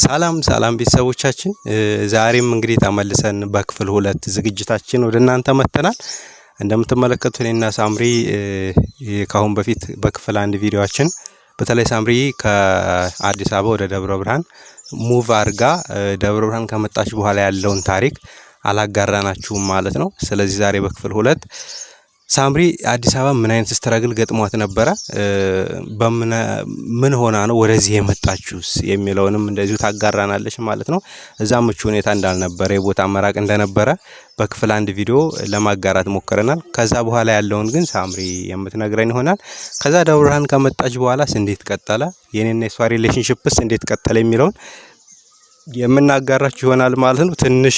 ሰላም ሰላም ቤተሰቦቻችን ዛሬም እንግዲህ ተመልሰን በክፍል ሁለት ዝግጅታችን ወደ እናንተ መጥተናል። እንደምትመለከቱ እኔና ሳምሪ ከአሁን በፊት በክፍል አንድ ቪዲዮችን በተለይ ሳምሪ ከአዲስ አበባ ወደ ደብረ ብርሃን ሙቭ አድርጋ ደብረ ብርሃን ከመጣች በኋላ ያለውን ታሪክ አላጋራናችሁም ማለት ነው። ስለዚህ ዛሬ በክፍል ሁለት ሳምሪ አዲስ አበባ ምን አይነት ስትራግል ገጥሟት ነበረ? ምን ሆና ነው ወደዚህ የመጣችሁስ የሚለውንም እንደዚሁ ታጋራናለች ማለት ነው። እዛ ምቹ ሁኔታ እንዳልነበረ፣ የቦታ መራቅ እንደነበረ በክፍል አንድ ቪዲዮ ለማጋራት ሞክረናል። ከዛ በኋላ ያለውን ግን ሳምሪ የምትነግረን ይሆናል። ከዛ ደብረ ብርሃን ከመጣች በኋላስ እንዴት ቀጠለ፣ የኔና የሷ ሪሌሽንሽፕስ እንዴት ቀጠለ የሚለውን የምናጋራችሁ ይሆናል ማለት ነው። ትንሽ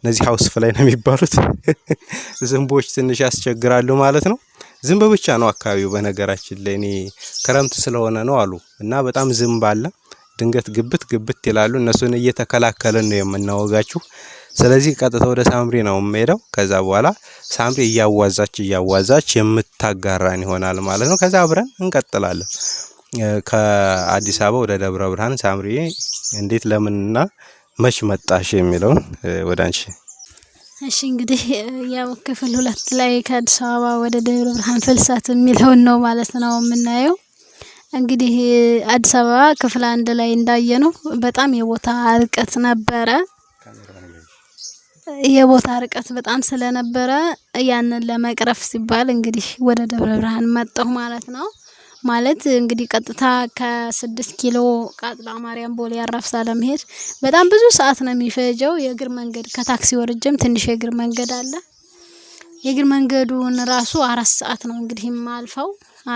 እነዚህ ሀውስ ፍላይ ነው የሚባሉት ዝንቦች ትንሽ ያስቸግራሉ ማለት ነው። ዝንብ ብቻ ነው አካባቢው። በነገራችን ላይ እኔ ክረምት ስለሆነ ነው አሉ እና በጣም ዝንብ አለ። ድንገት ግብት ግብት ይላሉ። እነሱን እየተከላከልን ነው የምናወጋችሁ። ስለዚህ ቀጥታ ወደ ሳምሪ ነው የምሄደው። ከዛ በኋላ ሳምሪ እያዋዛች እያዋዛች የምታጋራን ይሆናል ማለት ነው። ከዛ አብረን እንቀጥላለን። ከአዲስ አበባ ወደ ደብረ ብርሃን ሳምሪ እንዴት ለምንና መች መጣሽ የሚለውን ወደ አንቺ። እሺ እንግዲህ ያው ክፍል ሁለት ላይ ከአዲስ አበባ ወደ ደብረ ብርሃን ፍልሰት የሚለውን ነው ማለት ነው የምናየው። እንግዲህ አዲስ አበባ ክፍል አንድ ላይ እንዳየ ነው በጣም የቦታ ርቀት ነበረ። የቦታ ርቀት በጣም ስለነበረ ያንን ለመቅረፍ ሲባል እንግዲህ ወደ ደብረ ብርሃን መጣሁ ማለት ነው። ማለት እንግዲህ ቀጥታ ከስድስት ኪሎ ቃጥላ ማርያም ቦሌ አራፍሳ ለመሄድ በጣም ብዙ ሰዓት ነው የሚፈጀው። የእግር መንገድ ከታክሲ ወርጀም ትንሽ የእግር መንገድ አለ። የእግር መንገዱን ራሱ አራት ሰዓት ነው እንግዲህ የማልፈው።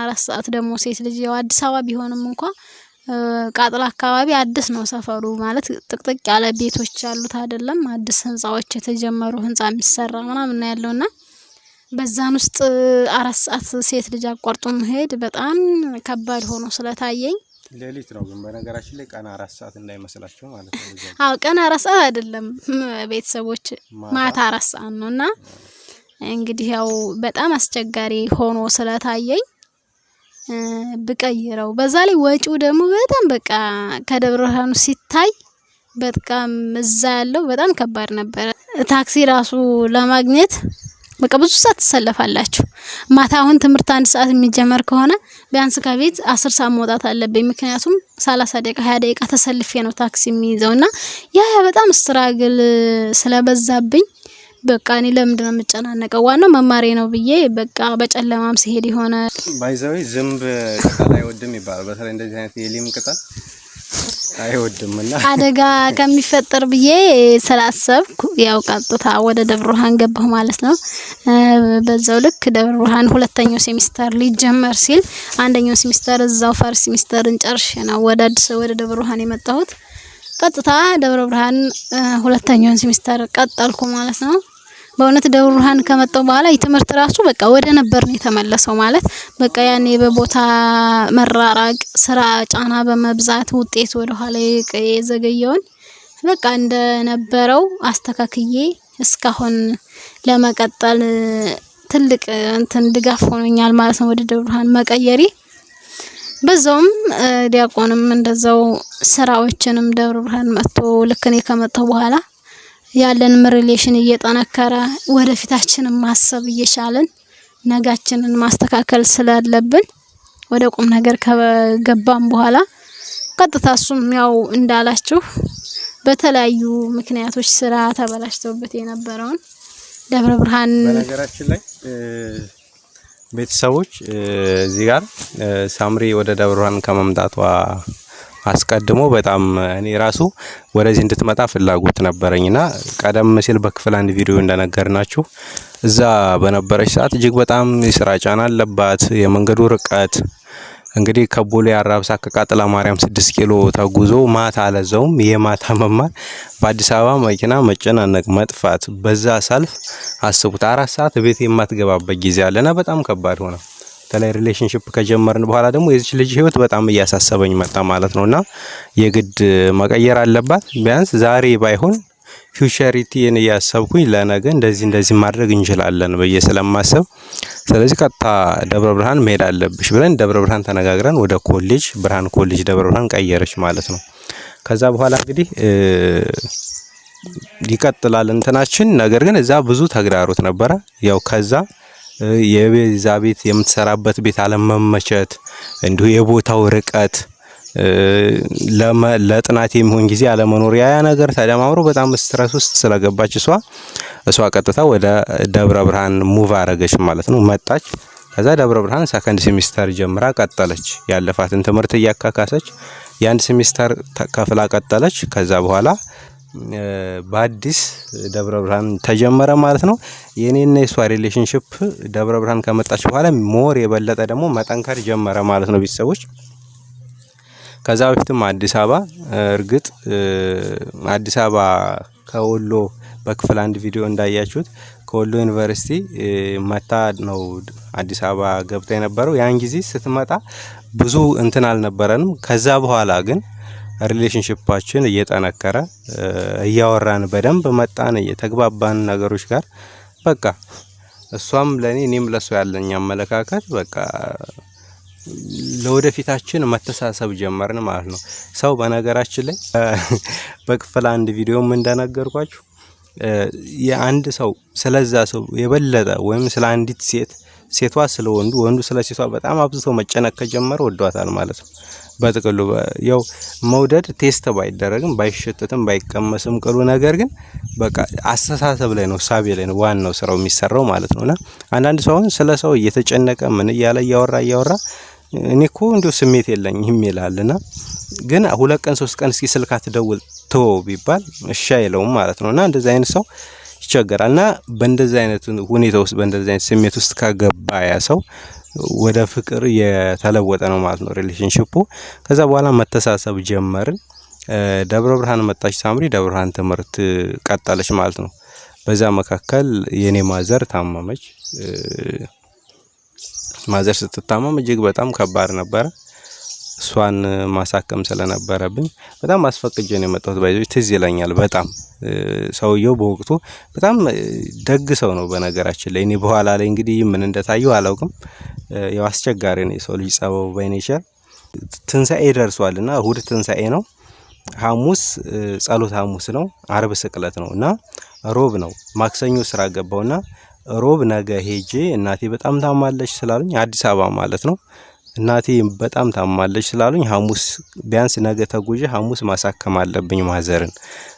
አራት ሰዓት ደግሞ ሴት ልጅ ያው አዲስ አበባ ቢሆንም እንኳ ቃጥላ አካባቢ አዲስ ነው ሰፈሩ ማለት ጥቅጥቅ ያለ ቤቶች ያሉት አይደለም። አዲስ ህንፃዎች የተጀመሩ ህንፃ የሚሰራ ምናምን ያለውና በዛን ውስጥ አራት ሰዓት ሴት ልጅ አቋርጦ መሄድ በጣም ከባድ ሆኖ ስለታየኝ ሌሊት ነው። ግን በነገራችን ላይ ቀን አራት ሰዓት እንዳይመስላችሁ ማለት ነው። አዎ ቀን አራት ሰዓት አይደለም ቤተሰቦች፣ ማታ አራት ሰዓት ነው እና እንግዲህ ያው በጣም አስቸጋሪ ሆኖ ስለታየኝ ብቀይረው በዛ ላይ ወጪው ደግሞ በጣም በቃ ከደብረ ብርሃኑ ሲታይ በጣም እዛ ያለው በጣም ከባድ ነበረ። ታክሲ ራሱ ለማግኘት በቃ ብዙ ሰዓት ትሰለፋላችሁ። ማታ አሁን ትምህርት አንድ ሰዓት የሚጀመር ከሆነ ቢያንስ ከቤት አስር ሰዓት መውጣት አለብኝ። ምክንያቱም ሰላሳ ደቂቃ ሀያ ደቂቃ ተሰልፌ ነው ታክሲ የሚይዘው እና ያ በጣም ስትራግል ስለበዛብኝ በቃ እኔ ለምንድን ነው የምጨናነቀው? ዋናው መማሬ ነው ብዬ በቃ በጨለማም ሲሄድ የሆነ ባይዛዊ ዝንብ ቅጠል አይወድም ይባላል። በተለይ እንደዚህ አይነት የሊም ቅጠል አይወድምና አደጋ ከሚፈጠር ብዬ ስላሰብኩ ያው ቀጥታ ወደ ደብረ ብርሃን ገባሁ ማለት ነው። በዛው ልክ ደብረ ብርሃን ሁለተኛው ሴሚስተር ሊጀመር ሲል አንደኛው ሴሚስተር እዛው ፈርስት ሴሚስተርን ጨርሼ ነው ወደ አዲስ ወደ ደብረ ብርሃን የመጣሁት። ቀጥታ ደብረ ብርሃን ሁለተኛውን ሴሚስተር ቀጠልኩ ማለት ነው። በእውነት ደብረ ብርሃን ከመጣው በኋላ የትምህርት ራሱ በቃ ወደ ነበር ነው የተመለሰው። ማለት በቃ ያኔ በቦታ መራራቅ፣ ስራ ጫና በመብዛት ውጤት ወደ ኋላ የዘገየውን በቃ እንደነበረው አስተካክዬ እስካሁን ለመቀጠል ትልቅ እንትን ድጋፍ ሆኖኛል ማለት ነው ወደ ደብረ ብርሃን መቀየሪ። በዛውም ዲያቆንም እንደዛው ስራዎችንም ደብረ ብርሃን መጥቶ ልክ እኔ ከመጣሁ በኋላ ያለንም ሪሌሽን እየጠነከረ ወደፊታችንን ማሰብ እየቻለን ነጋችንን ማስተካከል ስላለብን ወደ ቁም ነገር ከገባም በኋላ ቀጥታ እሱም ያው እንዳላችሁ በተለያዩ ምክንያቶች ስራ ተበላሽተውበት የነበረውን ደብረ ብርሃን በነገራችን ላይ ቤተሰቦች እዚህ ጋር ሳምሪ ወደ ደብረ ብርሃን ከመምጣቷ አስቀድሞ በጣም እኔ ራሱ ወደዚህ እንድትመጣ ፍላጎት ነበረኝና ቀደም ሲል በክፍል አንድ ቪዲዮ እንደነገርናችሁ እዛ በነበረች ሰዓት እጅግ በጣም የስራ ጫና አለባት። የመንገዱ ርቀት እንግዲህ ከቦሌ አራብሳ ከቃጥላ ማርያም ስድስት ኪሎ ተጉዞ ማታ አለዘውም የማታ መማር በአዲስ አበባ መኪና መጨናነቅ መጥፋት፣ በዛ ሰልፍ አስቡት፣ አራት ሰዓት ቤት የማትገባበት ጊዜ አለና በጣም ከባድ ሆነ። በተለይ ሪሌሽንሽፕ ከጀመርን በኋላ ደግሞ የዚች ልጅ ህይወት በጣም እያሳሰበኝ መጣ ማለት ነው እና የግድ መቀየር አለባት። ቢያንስ ዛሬ ባይሆን ፊውቸሪቲን እያሰብኩኝ ለነገ እንደዚህ እንደዚህ ማድረግ እንችላለን ብዬ ስለማሰብ፣ ስለዚህ ቀጥታ ደብረ ብርሃን መሄድ አለብሽ ብለን ደብረ ብርሃን ተነጋግረን ወደ ኮሌጅ ብርሃን ኮሌጅ ደብረ ብርሃን ቀየረች ማለት ነው። ከዛ በኋላ እንግዲህ ይቀጥላል እንትናችን። ነገር ግን እዛ ብዙ ተግዳሮት ነበረ ያው ከዛ የቤዛ ቤት የምትሰራበት ቤት አለመመቸት፣ እንዲሁ የቦታው ርቀት ለጥናት የሚሆን ጊዜ አለመኖር ያ ነገር ተደማምሮ በጣም ስትረስ ውስጥ ስለገባች እሷ እሷ ቀጥታ ወደ ደብረ ብርሃን ሙቭ አረገች ማለት ነው። መጣች። ከዛ ደብረ ብርሃን ሰከንድ ሴሚስተር ጀምራ ቀጠለች። ያለፋትን ትምህርት እያካካሰች የአንድ ሴሚስተር ከፍላ ቀጠለች። ከዛ በኋላ በአዲስ ደብረ ብርሃን ተጀመረ ማለት ነው። የኔና የሷ ሪሌሽንሽፕ ደብረ ብርሃን ከመጣች በኋላ ሞር የበለጠ ደግሞ መጠንከር ጀመረ ማለት ነው። ቤተሰቦች ከዛ በፊትም አዲስ አበባ እርግጥ አዲስ አበባ ከወሎ በክፍል አንድ ቪዲዮ እንዳያችሁት ከወሎ ዩኒቨርሲቲ መታ ነው አዲስ አበባ ገብታ የነበረው ያን ጊዜ ስትመጣ ብዙ እንትን አልነበረንም። ከዛ በኋላ ግን ሪሌሽንሽፓችን እየጠነከረ እያወራን በደንብ መጣን፣ እየተግባባን ነገሮች ጋር በቃ እሷም ለእኔ እኔም ለእሷ ያለኝ አመለካከት በቃ ለወደፊታችን መተሳሰብ ጀመርን ማለት ነው። ሰው በነገራችን ላይ በክፍል አንድ ቪዲዮም እንደነገርኳችሁ የአንድ ሰው ስለዛ ሰው የበለጠ ወይም ስለ አንዲት ሴት ሴቷ ስለ ወንዱ፣ ወንዱ ስለ ሴቷ በጣም አብዝቶ መጨነቅ ከጀመረ ወዷታል ማለት ነው። በጥቅሉ ያው መውደድ ቴስት ባይደረግም ባይሸተትም ባይቀመስም ቅሉ ነገር ግን በቃ አስተሳሰብ ላይ ነው፣ ሳቤ ላይ ነው ዋናው ስራው የሚሰራው ማለት ነውና አንዳንድ ሰው ስለ ሰው እየተጨነቀ ምን እያለ እያወራ እያወራ እኔ እኮ እንዲሁ ስሜት የለኝም ይላልና ግን ሁለት ቀን ሶስት ቀን እስኪ ስልክ ቢባል እሺ አይለውም ማለት ነውና እንደዚህ አይነት ሰው ይቸገራል እና በእንደዚህ አይነት ሁኔታ ውስጥ በእንደዚህ አይነት ስሜት ውስጥ ከገባ ያ ሰው ወደ ፍቅር የተለወጠ ነው ማለት ነው ሪሌሽንሽፑ። ከዛ በኋላ መተሳሰብ ጀመርን። ደብረ ብርሃን መጣች ሳምሪ፣ ደብረ ብርሃን ትምህርት ቀጠለች ማለት ነው። በዛ መካከል የኔ ማዘር ታመመች። ማዘር ስትታመም እጅግ በጣም ከባድ ነበረ። እሷን ማሳከም ስለነበረብኝ በጣም አስፈቅጄ ነው የመጣሁት። ባይዞች ትዝ ይለኛል በጣም ሰውየው በወቅቱ በጣም ደግ ሰው ነው። በነገራችን ላይ እኔ በኋላ ላይ እንግዲህ ምን እንደታየው አላውቅም። ያው አስቸጋሪ ነው የሰው ልጅ ጸበው ባይኔቸር። ትንሣኤ ደርሷል እና እሁድ ትንሣኤ ነው፣ ሐሙስ ጸሎት ሐሙስ ነው፣ አርብ ስቅለት ነው እና ሮብ ነው። ማክሰኞ ስራ ገባውና ሮብ ነገ ሄጄ እናቴ በጣም ታማለች ስላሉኝ አዲስ አበባ ማለት ነው እናቴ በጣም ታማለች ስላሉኝ ሀሙስ ቢያንስ ነገ ተጉዤ ሀሙስ ማሳከም አለብኝ ማዘርን።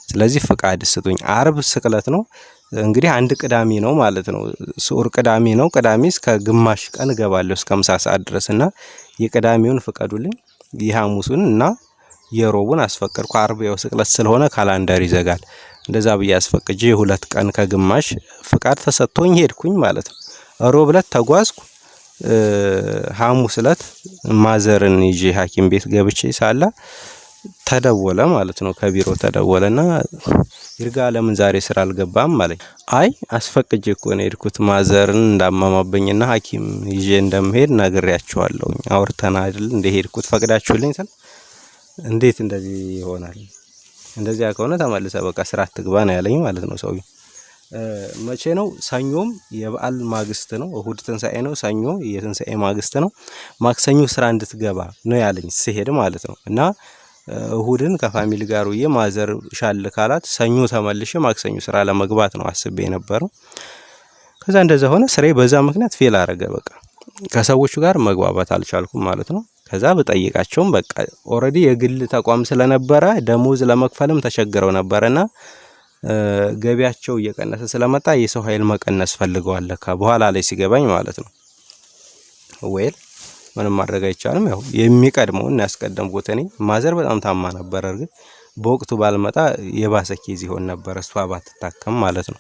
ስለዚህ ፍቃድ ስጡኝ አርብ ስቅለት ነው። እንግዲህ አንድ ቅዳሜ ነው ማለት ነው ስዑር ቅዳሜ ነው ቅዳሜ እስከ ግማሽ ቀን እገባለሁ እስከ ምሳ ሰዓት ድረስ እና የቅዳሜውን ፍቀዱልኝ የሐሙሱን እና የሮቡን አስፈቀድኩ። አርብ ያው ስቅለት ስለሆነ ካላንደር ይዘጋል። እንደዛ ብዬ አስፈቅጄ የሁለት ቀን ከግማሽ ፍቃድ ተሰጥቶኝ ሄድኩኝ ማለት ነው። ሮብ ዕለት ተጓዝኩ። ሐሙስ እለት ማዘርን ይዤ ሐኪም ቤት ገብቼ ሳለ ተደወለ ማለት ነው። ከቢሮ ተደወለና ይርጋ ለምን ዛሬ ስራ አልገባም አለኝ። አይ አስፈቅጄ እኮ ነው የሄድኩት ማዘርን እንዳመማብኝና ሐኪም ይዤ እንደምሄድ ነግሬያችኋለሁ። አውርተና አይደል እንደሄድኩት ፈቅዳችሁልኝ ስል እንዴት እንደዚህ ይሆናል? እንደዚያ ከሆነ ተመልሰ በቃ ስራ አትግባ ነው ያለኝ ማለት ነው ሰውዬው። መቼ ነው? ሰኞም የበዓል ማግስት ነው። እሁድ ትንሳኤ ነው። ሰኞ የትንሳኤ ማግስት ነው። ማክሰኞ ስራ እንድትገባ ነው ያለኝ ስሄድ ማለት ነው እና እሁድን ከፋሚሊ ጋር ውዬ ማዘር ሻል ካላት ሰኞ ተመልሼ ማክሰኞ ስራ ለመግባት ነው አስቤ የነበረው። ከዛ እንደዛ ሆነ። ስራዬ በዛ ምክንያት ፌል አረገ። በቃ ከሰዎቹ ጋር መግባባት አልቻልኩም ማለት ነው። ከዛ ብጠይቃቸውም በቃ ኦልሬዲ የግል ተቋም ስለነበረ ደሞዝ ለመክፈልም ተቸግረው ነበረና ገቢያቸው እየቀነሰ ስለመጣ የሰው ኃይል መቀነስ ፈልገዋል ለካ በኋላ ላይ ሲገባኝ ማለት ነው። ወይል ምንም ማድረግ አይቻልም። ያው የሚቀድመውን ያስቀደምኩት እኔ። ማዘር በጣም ታማ ነበር። እርግጥ በወቅቱ ባልመጣ የባሰ ኬዝ ይሆን ነበር፣ እሷ ባትታከም ማለት ነው።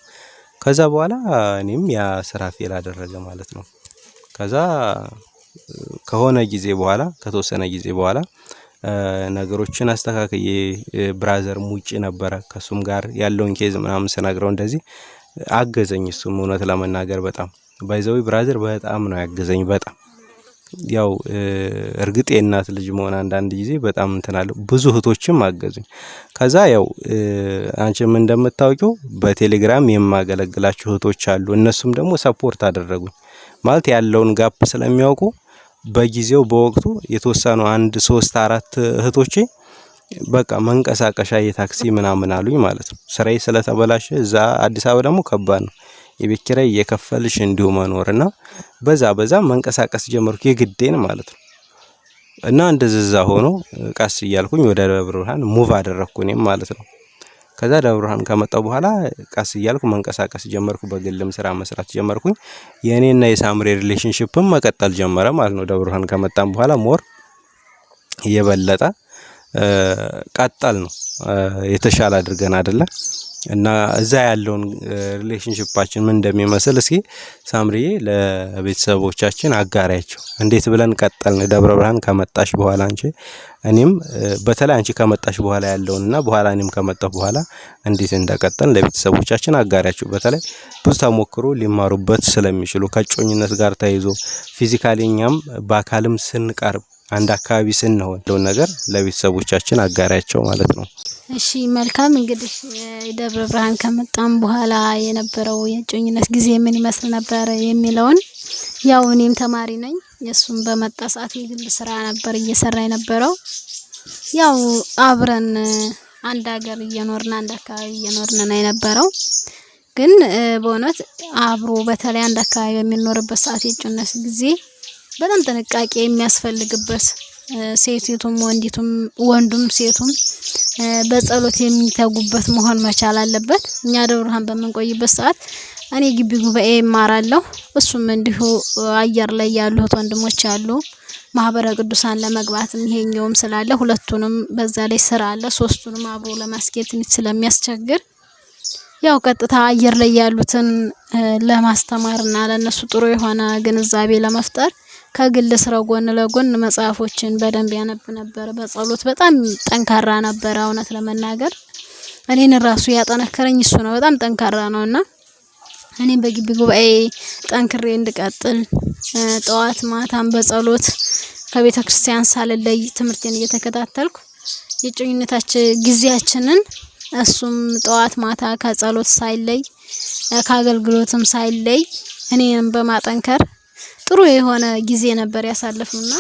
ከዛ በኋላ እኔም ያ ስራ ፌል አደረገ ማለት ነው። ከዛ ከሆነ ጊዜ በኋላ ከተወሰነ ጊዜ በኋላ ነገሮችን አስተካክዬ ብራዘር ሙጭ ነበረ ከሱም ጋር ያለውን ኬዝ ምናምን ስነግረው እንደዚህ አገዘኝ። እሱም እውነት ለመናገር በጣም ባይዘዊ ብራዘር በጣም ነው ያገዘኝ። በጣም ያው እርግጥ የእናት ልጅ መሆን አንዳንድ ጊዜ በጣም እንትን ብዙ እህቶችም አገዙኝ። ከዛ ያው አንቺም እንደምታውቂው በቴሌግራም የማገለግላቸው እህቶች አሉ። እነሱም ደግሞ ሰፖርት አደረጉኝ ማለት ያለውን ጋፕ ስለሚያውቁ በጊዜው በወቅቱ የተወሰኑ አንድ ሶስት አራት እህቶቼ በቃ መንቀሳቀሻ የታክሲ ምናምን አሉኝ ማለት ነው። ስራዬ ስለተበላሸ እዛ አዲስ አበባ ደግሞ ከባድ ነው። የቤት ኪራይ እየከፈልሽ እንዲሁ መኖር እና በዛ በዛ መንቀሳቀስ ጀመርኩ የግዴን ማለት ነው። እና እንደዛ ሆኖ ቀስ እያልኩኝ ወደ ደብረ ብርሃን ሙቭ አደረኩ እኔም ማለት ነው ከዛ ደብረ ብርሃን ከመጣሁ በኋላ ቀስ እያልኩ መንቀሳቀስ ጀመርኩ። በግልም ስራ መስራት ጀመርኩኝ። የእኔና የሳምሬ ሪሌሽንሽፕም መቀጠል ጀመረ ማለት ነው። ደብረ ብርሃን ከመጣም በኋላ ሞር የበለጠ ቀጠል ነው የተሻለ አድርገን አይደለ እና እዛ ያለውን ሪሌሽንሽፓችን ምን እንደሚመስል እስኪ ሳምሪዬ ለቤተሰቦቻችን አጋሪያቸው። እንዴት ብለን ቀጠልን? ደብረ ብርሃን ከመጣሽ በኋላ አንቺ እኔም በተለይ አንቺ ከመጣሽ በኋላ ያለውንና በኋላ እኔም ከመጣሁ በኋላ እንዴት እንደቀጠል ለቤተሰቦቻችን አጋሪያቸው። በተለይ ብዙ ተሞክሮ ሊማሩበት ስለሚችሉ ከእጮኝነት ጋር ተይዞ ፊዚካሊ እኛም በአካልም ስንቀርብ አንድ አካባቢ ስንሆን ያለውን ነገር ለቤተሰቦቻችን አጋሪያቸው ማለት ነው። እሺ መልካም እንግዲህ የደብረ ብርሃን ከመጣም በኋላ የነበረው የእጮኝነት ጊዜ ምን ይመስል ነበር የሚለውን ያው እኔም ተማሪ ነኝ። የእሱም በመጣ ሰዓት የግል ስራ ነበር እየሰራ የነበረው። ያው አብረን አንድ ሀገር እየኖርን አንድ አካባቢ እየኖርን ነው የነበረው። ግን በእውነት አብሮ በተለይ አንድ አካባቢ በሚኖርበት ሰዓት የእጮኝነት ጊዜ በጣም ጥንቃቄ የሚያስፈልግበት ሴቲቱም ወንዲቱም ወንዱም ሴቱም በጸሎት የሚተጉበት መሆን መቻል አለበት። እኛ ደብረ ብርሃን በምንቆይበት ሰዓት እኔ ግቢ ጉባኤ ይማራለሁ። እሱም እንዲሁ አየር ላይ ያሉት ወንድሞች አሉ። ማህበረ ቅዱሳን ለመግባት ይሄኛውም ስላለ ሁለቱንም በዛ ላይ ስራ አለ። ሶስቱንም አብሮ ለማስኬድ ስለሚያስቸግር ያው ቀጥታ አየር ላይ ያሉትን ለማስተማርና ለነሱ ጥሩ የሆነ ግንዛቤ ለመፍጠር ከግል ስራው ጎን ለጎን መጽሐፎችን በደንብ ያነብ ነበር። በጸሎት በጣም ጠንካራ ነበረ። እውነት ለመናገር እኔን ራሱ ያጠነከረኝ እሱ ነው። በጣም ጠንካራ ነው እና እኔም በግቢ ጉባኤ ጠንክሬ እንድቀጥል ጠዋት ማታም በጸሎት ከቤተ ክርስቲያን ሳልለይ ትምህርቴን እየተከታተልኩ የጮኝነታችን ጊዜያችንን እሱም ጠዋት ማታ ከጸሎት ሳይለይ ከአገልግሎትም ሳይለይ እኔንም በማጠንከር ጥሩ የሆነ ጊዜ ነበር ያሳለፍና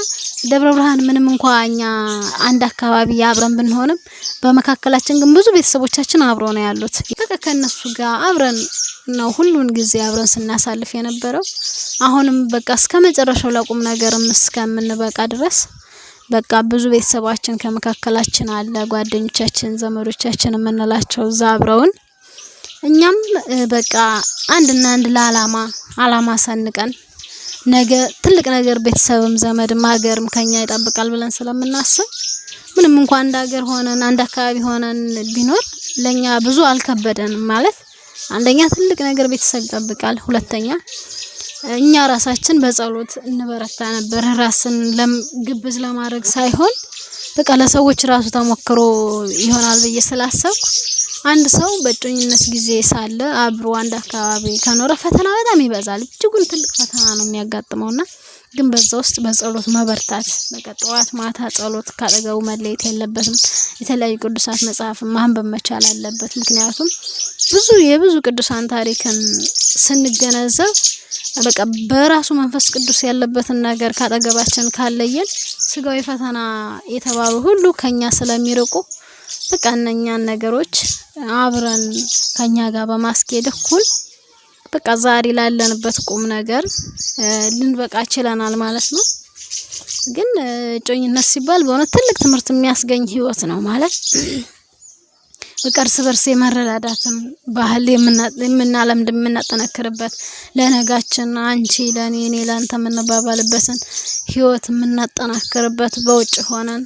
ደብረ ብርሃን ምንም እንኳ እኛ አንድ አካባቢ አብረን ብንሆንም በመካከላችን ግን ብዙ ቤተሰቦቻችን አብሮ ነው ያሉት። ከእነሱ ጋር አብረን ነው ሁሉን ጊዜ አብረን ስናሳልፍ የነበረው። አሁንም በቃ እስከ መጨረሻው ለቁም ነገርም እስከምንበቃ ድረስ በቃ ብዙ ቤተሰባችን ከመካከላችን አለ። ጓደኞቻችን፣ ዘመዶቻችን የምንላቸው እዛ አብረውን እኛም በቃ አንድና አንድ ለአላማ አላማ ሰንቀን ነገ ትልቅ ነገር ቤተሰብም ዘመድም ሀገርም ከኛ ይጠብቃል ብለን ስለምናስብ ምንም እንኳን አንድ ሀገር ሆነን አንድ አካባቢ ሆነን ቢኖር ለኛ ብዙ አልከበደንም። ማለት አንደኛ ትልቅ ነገር ቤተሰብ ይጠብቃል፣ ሁለተኛ እኛ ራሳችን በጸሎት እንበረታ ነበር። ራስን ግብዝ ለማድረግ ሳይሆን በቃ ለሰዎች ራሱ ተሞክሮ ይሆናል ብዬ ስላሰብኩ አንድ ሰው በእጮኝነት ጊዜ ሳለ አብሮ አንድ አካባቢ ከኖረ ፈተና በጣም ይበዛል። እጅጉን ትልቅ ፈተና ነው የሚያጋጥመውና ግን በዛ ውስጥ በጸሎት መበርታት፣ በቃ ጠዋት ማታ ጸሎት ካጠገቡ መለየት የለበትም። የተለያዩ ቅዱሳት መጽሐፍን ማንበብ መቻል አለበት። ምክንያቱም ብዙ የብዙ ቅዱሳን ታሪክን ስንገነዘብ በቃ በራሱ መንፈስ ቅዱስ ያለበትን ነገር ካጠገባችን ካለየን ስጋዊ ፈተና የተባሉ ሁሉ ከኛ ስለሚርቁ በቃ እነኛን ነገሮች አብረን ከኛ ጋር በማስኬድ እኩል በቃ ዛሬ ላለንበት ቁም ነገር ልንበቃ ችለናል ማለት ነው። ግን እጮኝነት ሲባል በእውነት ትልቅ ትምህርት የሚያስገኝ ህይወት ነው ማለት በቃ እርስ በርስ የመረዳዳትን ባህል የምናለምድ የምናጠነክርበት ለነጋችን አንቺ ለኔ እኔ ለአንተ የምንባባልበትን ህይወት የምናጠናክርበት በውጭ ሆነን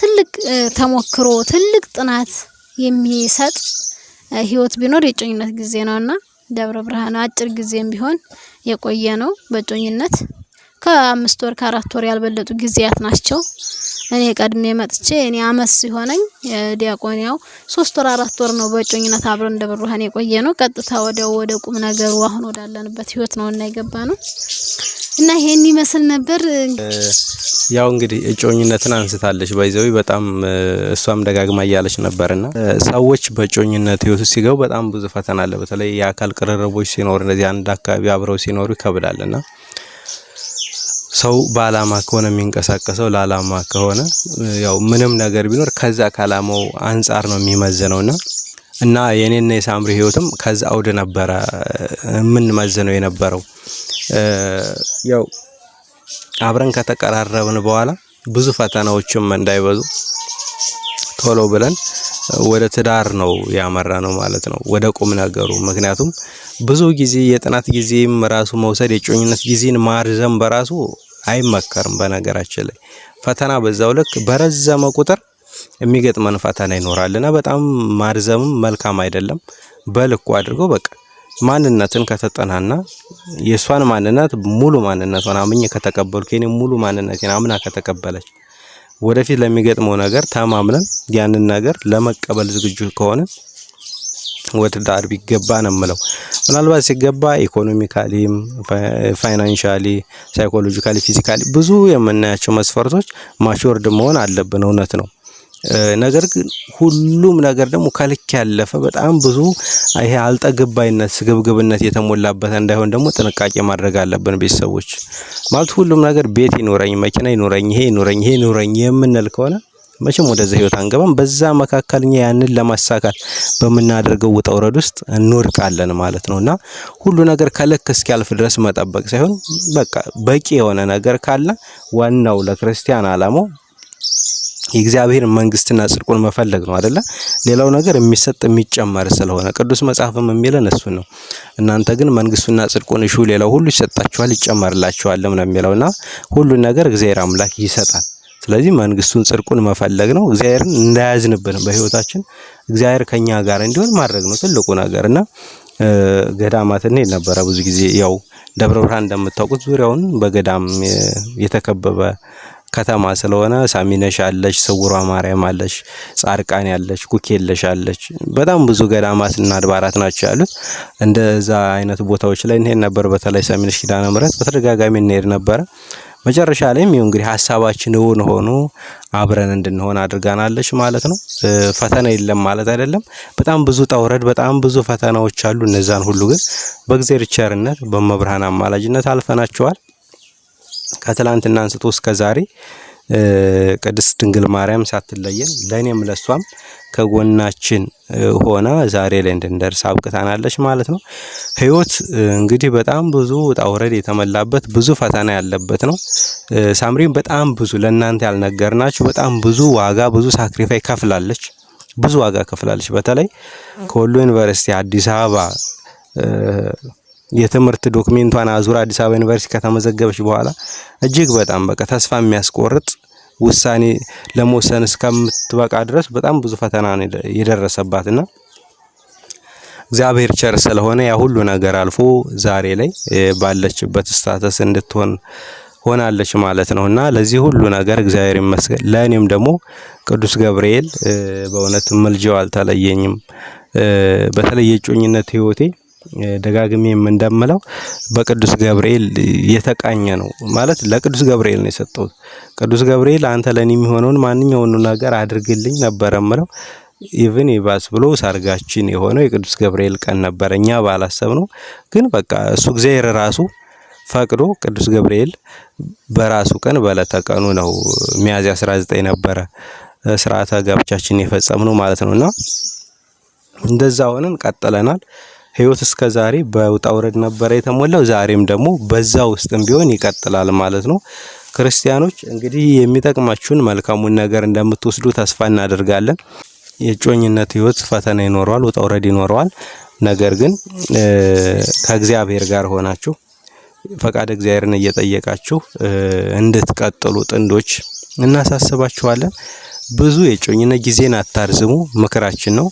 ትልቅ ተሞክሮ ትልቅ ጥናት የሚሰጥ ህይወት ቢኖር የጮኝነት ጊዜ ነውና ደብረ ብርሃን አጭር ጊዜም ቢሆን የቆየ ነው በጮኝነት። ከአምስት ወር ከአራት ወር ያልበለጡ ጊዜያት ናቸው። እኔ ቀድሜ መጥቼ እኔ አመት ሲሆነኝ ዲያቆንያው ሶስት ወር አራት ወር ነው በእጮኝነት አብረን እንደ ብሩሃን የቆየ ነው። ቀጥታ ወደ ወደ ቁም ነገሩ አሁን ወዳለንበት ህይወት ነው እና የገባ ነው እና ይሄን ይመስል ነበር። ያው እንግዲህ እጮኝነትን አንስታለች ባይዘዊ በጣም እሷም ደጋግማ እያለች ነበርና ሰዎች በእጮኝነት ህይወት ውስጥ ሲገቡ በጣም ብዙ ፈተና አለ። በተለይ የአካል ቅርርቦች ሲኖር እንደዚህ አንድ አካባቢ አብረው ሲኖሩ ይከብዳልና ሰው በአላማ ከሆነ የሚንቀሳቀሰው ለአላማ ከሆነ ያው ምንም ነገር ቢኖር ከዛ ከአላማው አንጻር ነው የሚመዝነው እና እና የኔና የሳምሪ ህይወትም ከዛ አውድ ነበረ የምንመዝነው የነበረው። ያው አብረን ከተቀራረብን በኋላ ብዙ ፈተናዎችም እንዳይበዙ ቶሎ ብለን ወደ ትዳር ነው ያመራ ነው ማለት ነው፣ ወደ ቁም ነገሩ። ምክንያቱም ብዙ ጊዜ የጥናት ጊዜም ራሱ መውሰድ የጮኝነት ጊዜን ማርዘም በራሱ አይመከርም። በነገራችን ላይ ፈተና በዛው ልክ በረዘመ ቁጥር የሚገጥመን ፈተና ይኖራልና በጣም ማርዘምም መልካም አይደለም። በልኩ አድርገው በቃ ማንነትን ከተጠናና የእሷን ማንነት ሙሉ ማንነቷን አምኜ ከተቀበልኩ የኔ ሙሉ ማንነቴን አምና ከተቀበለች ወደፊት ለሚገጥመው ነገር ተማምነን ያንን ነገር ለመቀበል ዝግጁ ከሆነ ወደ ዳር ቢገባ ነው የምለው። ምናልባት ሲገባ ኢኮኖሚካሊ፣ ፋይናንሻሊ፣ ሳይኮሎጂካሊ፣ ፊዚካሊ ብዙ የምናያቸው መስፈርቶች ማቹርድ መሆን አለብን። እውነት ነው። ነገር ግን ሁሉም ነገር ደግሞ ከልክ ያለፈ በጣም ብዙ ይሄ አልጠግባይነት ስግብግብነት የተሞላበት እንዳይሆን ደግሞ ጥንቃቄ ማድረግ አለብን። ቤተሰቦች ማለት ሁሉም ነገር ቤት ይኖረኝ፣ መኪና ይኖረኝ፣ ይሄ ይኖረኝ፣ ይሄ ይኖረኝ የምንል ከሆነ መቼም ወደዛ ህይወት አንገባም። በዛ መካከል እኛ ያንን ለማሳካት በምናደርገው ውጣ ውስጥ እንወድቃለን ማለት ነው እና ሁሉ ነገር ከልክ እስኪያልፍ ድረስ መጠበቅ ሳይሆን በቃ በቂ የሆነ ነገር ካለ ዋናው ለክርስቲያን አላማው የእግዚአብሔር መንግስትና ጽድቁን መፈለግ ነው አይደለ? ሌላው ነገር የሚሰጥ የሚጨመር ስለሆነ ቅዱስ መጽሐፍም የሚለን እሱን ነው። እናንተ ግን መንግስቱና ጽድቁን እሹ፣ ሌላው ሁሉ ይሰጣችኋል፣ ይጨመርላችኋልም ነው የሚለውና ሁሉን ነገር እግዚአብሔር አምላክ ይሰጣል። ስለዚህ መንግስቱን ጽድቁን መፈለግ ነው። እግዚአብሔርን እንዳያዝንብን በህይወታችን እግዚአብሔር ከኛ ጋር እንዲሆን ማድረግ ነው ትልቁ ነገር እና ገዳማት እንሄድ ነበረ ብዙ ጊዜ ያው ደብረ ብርሃን እንደምታውቁት ዙሪያውን በገዳም የተከበበ ከተማ ስለሆነ ሳሚነሽ አለች፣ ስውሯ ማርያም አለች፣ ጻድቃን ያለች፣ ኩኬለሽ አለች። በጣም ብዙ ገዳማትና አድባራት ናቸው ያሉት። እንደዛ አይነት ቦታዎች ላይ እንሄድ ነበር። በተለይ ሳሚነሽ ኪዳነ ምሕረት በተደጋጋሚ እንሄድ ነበረ። መጨረሻ ላይም ይኸው እንግዲህ ሀሳባችን እውን ሆኖ አብረን እንድንሆን አድርጋናለች ማለት ነው። ፈተና የለም ማለት አይደለም። በጣም ብዙ ጠውረድ፣ በጣም ብዙ ፈተናዎች አሉ። እነዛን ሁሉ ግን በእግዚአብሔር ቸርነት በመብርሃን አማላጅነት አልፈናቸዋል። ከትላንትና አንስቶ እስከ ዛሬ ቅድስት ድንግል ማርያም ሳትለየን ለእኔም ለእሷም ከጎናችን ሆና ዛሬ ላይ እንድንደርስ አብቅታናለች ማለት ነው። ህይወት እንግዲህ በጣም ብዙ ውጣ ውረድ የተሞላበት ብዙ ፈተና ያለበት ነው። ሳምሪም በጣም ብዙ ለእናንተ ያልነገርናችሁ በጣም ብዙ ዋጋ ብዙ ሳክሪፋይ ከፍላለች። ብዙ ዋጋ ከፍላለች። በተለይ ከወሎ ዩኒቨርሲቲ አዲስ አበባ የትምህርት ዶክሜንቷን አዙር አዲስ አበባ ዩኒቨርሲቲ ከተመዘገበች በኋላ እጅግ በጣም በቃ ተስፋ የሚያስቆርጥ ውሳኔ ለመወሰን እስከምትበቃ ድረስ በጣም ብዙ ፈተና ነው የደረሰባትና እግዚአብሔር ቸር ስለሆነ ያ ሁሉ ነገር አልፎ ዛሬ ላይ ባለችበት ስታተስ እንድትሆን ሆናለች ማለት ነው እና ለዚህ ሁሉ ነገር እግዚአብሔር ይመስገን። ለእኔም ደግሞ ቅዱስ ገብርኤል በእውነት ምልጃው አልተለየኝም። በተለየ የእጮኝነት ህይወቴ ደጋግሜ እንደምለው በቅዱስ ገብርኤል የተቃኘ ነው ማለት ለቅዱስ ገብርኤል ነው የሰጠሁት። ቅዱስ ገብርኤል አንተ ለኔ የሚሆነውን ማንኛውንም ነገር አድርግልኝ ነበረ ምለው። ኢቭን ይባስ ብሎ ሰርጋችን የሆነው የቅዱስ ገብርኤል ቀን ነበረ። እኛ ነው ግን በቃ እሱ እግዚአብሔር ራሱ ፈቅዶ ቅዱስ ገብርኤል በራሱ ቀን በዕለተ ቀኑ ነው ሚያዝያ 19 ነበረ ስርዓተ ጋብቻችን የፈጸምነው ማለት ነው። እና እንደዛ ሆነን ቀጥለናል። ህይወት እስከ ዛሬ በውጣ ውረድ ነበረ የተሞላው። ዛሬም ደግሞ በዛ ውስጥም ቢሆን ይቀጥላል ማለት ነው። ክርስቲያኖች እንግዲህ የሚጠቅማችሁን መልካሙን ነገር እንደምትወስዱ ተስፋ እናደርጋለን። የእጮኝነት ህይወት ፈተና ይኖረዋል፣ ውጣ ውረድ ይኖረዋል። ነገር ግን ከእግዚአብሔር ጋር ሆናችሁ ፈቃድ እግዚአብሔርን እየጠየቃችሁ እንድትቀጥሉ ጥንዶች እናሳስባችኋለን። ብዙ የእጮኝነት ጊዜን አታርዝሙ፣ ምክራችን ነው።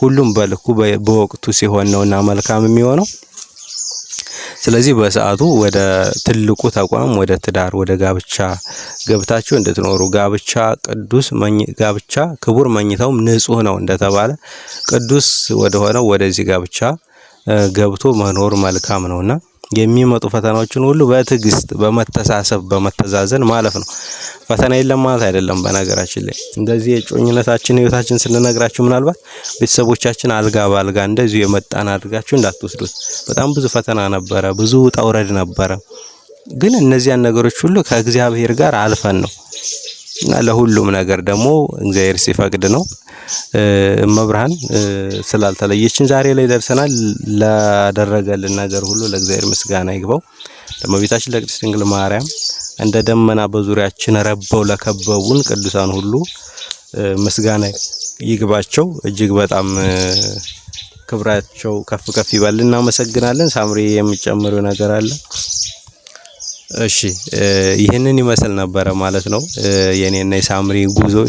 ሁሉም በልኩ በወቅቱ ሲሆን ነውና መልካም የሚሆነው። ስለዚህ በሰዓቱ ወደ ትልቁ ተቋም ወደ ትዳር ወደ ጋብቻ ገብታችሁ እንድትኖሩ ጋብቻ ቅዱስ ጋብቻ ክቡር መኝታውም ንጹህ ነው እንደተባለ ቅዱስ ወደሆነው ወደዚህ ጋብቻ ገብቶ መኖር መልካም ነውና የሚመጡ ፈተናዎችን ሁሉ በትዕግስት በመተሳሰብ በመተዛዘን ማለፍ ነው። ፈተና የለም ማለት አይደለም። በነገራችን ላይ እንደዚህ የጮኝነታችን ህይወታችን ስንነግራችሁ ምናልባት ቤተሰቦቻችን አልጋ በአልጋ እንደዚሁ የመጣን አድርጋችሁ እንዳትወስዱት። በጣም ብዙ ፈተና ነበረ፣ ብዙ ውጣ ውረድ ነበረ። ግን እነዚያን ነገሮች ሁሉ ከእግዚአብሔር ጋር አልፈን ነው ለሁሉም ነገር ደግሞ እግዚአብሔር ሲፈቅድ ነው። እመብርሃን ስላልተለየችን ዛሬ ላይ ደርሰናል። ላደረገልን ነገር ሁሉ ለእግዚአብሔር ምስጋና ይግባው። ለእመቤታችን ለቅድስት ድንግል ማርያም እንደ ደመና በዙሪያችን ረበው ለከበቡን ቅዱሳን ሁሉ ምስጋና ይግባቸው። እጅግ በጣም ክብራቸው ከፍ ከፍ ይበል። እናመሰግናለን። ሳምሪ የሚጨምረው ነገር አለ? እሺ ይህንን ይመስል ነበረ ማለት ነው። የኔና የሳምሪ ጉዞ